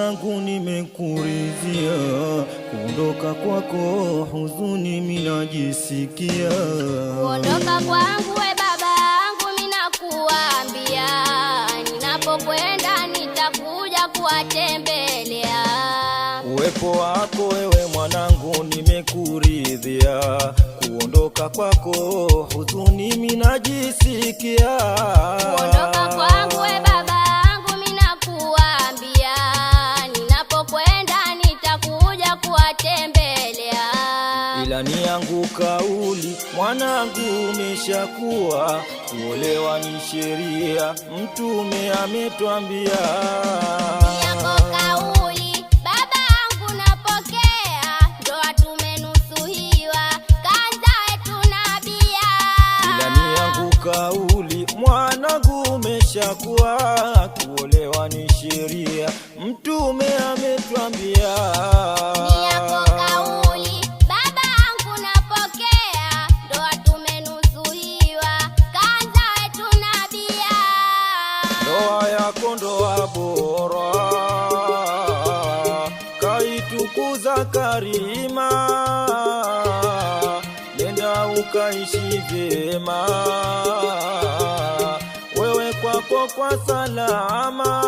zangu nimekuridhia, kuondoka kwako huzuni minajisikia. Kuondoka kwangu we baba yangu minakuambia, ninapokwenda nitakuja kuwatembelea. Uwepo wako wewe mwanangu nimekuridhia, kuondoka kwako huzuni minajisikia. Kuondoka kwangu we baba yangu kauli, mwanangu umeshakuwa, kuolewa ni sheria, mtume ametwambia kauli mwanangu, umeshakuwa kuolewa ni sheria, mtume ametwambia. za Karima, nenda ukaishi vyema, wewe kwako kwa salama.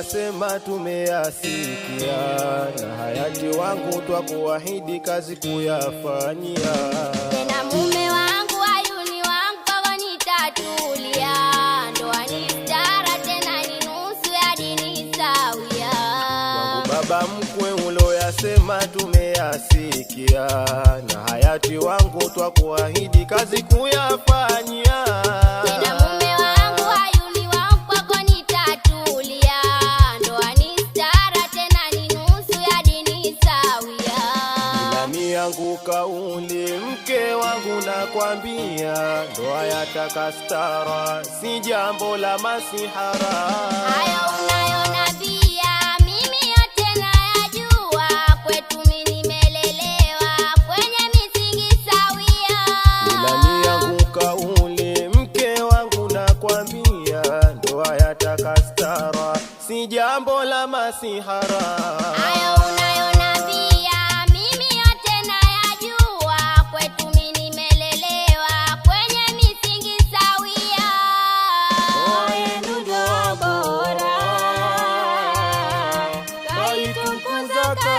Asema tumeyasikia na hayati wangu twakuahidi kazi kuyafanyia. Tena mume wangu ayuni wangu kwa nitatulia, ndoa ni stara tena ni nusu ya dini sawia. Wangu baba mkwe uloyasema tumeyasikia na hayati wangu twakuahidi kazi kuyafanyia. Tena yangu kauli, mke wangu nakwambia, ndoa ya takastara si jambo la masihara. Hayo unayonambia mimi yote nayajua, kwetu mimi nimelelewa kwenye misingi sawia. Ilani yangu kauli, mke wangu nakwambia, ndoa si jambo la masihara. Hayo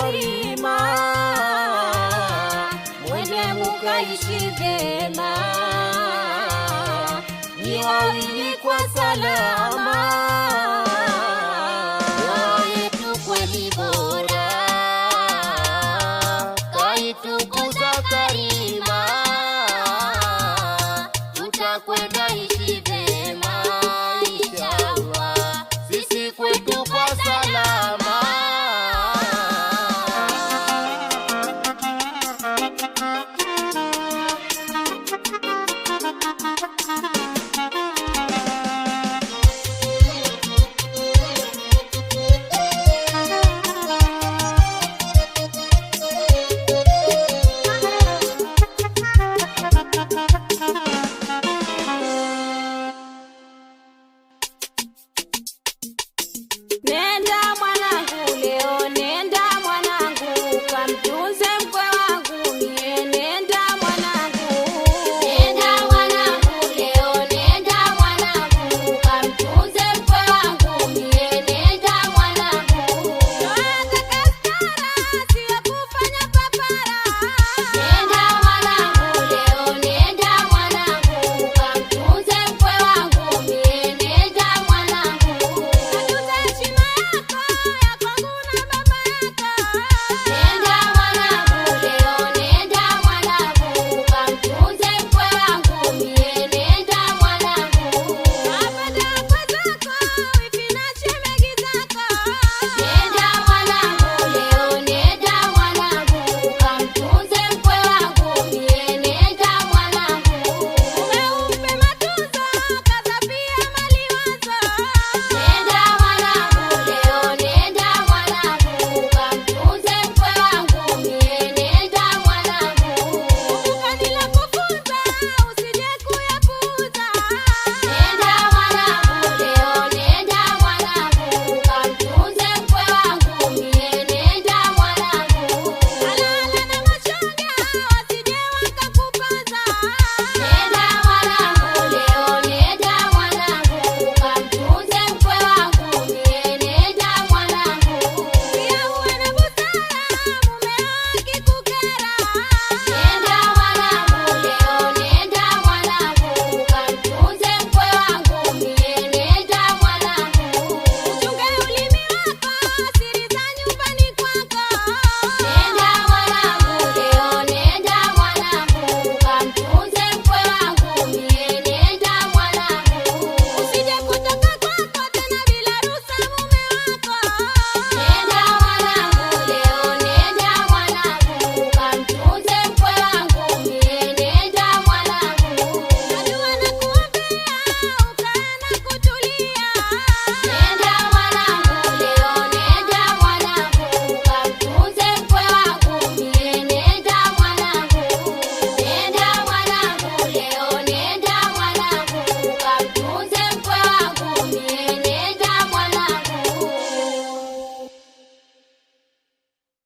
Karima, mwende mukaishi vyema, ni wawili kwa salama.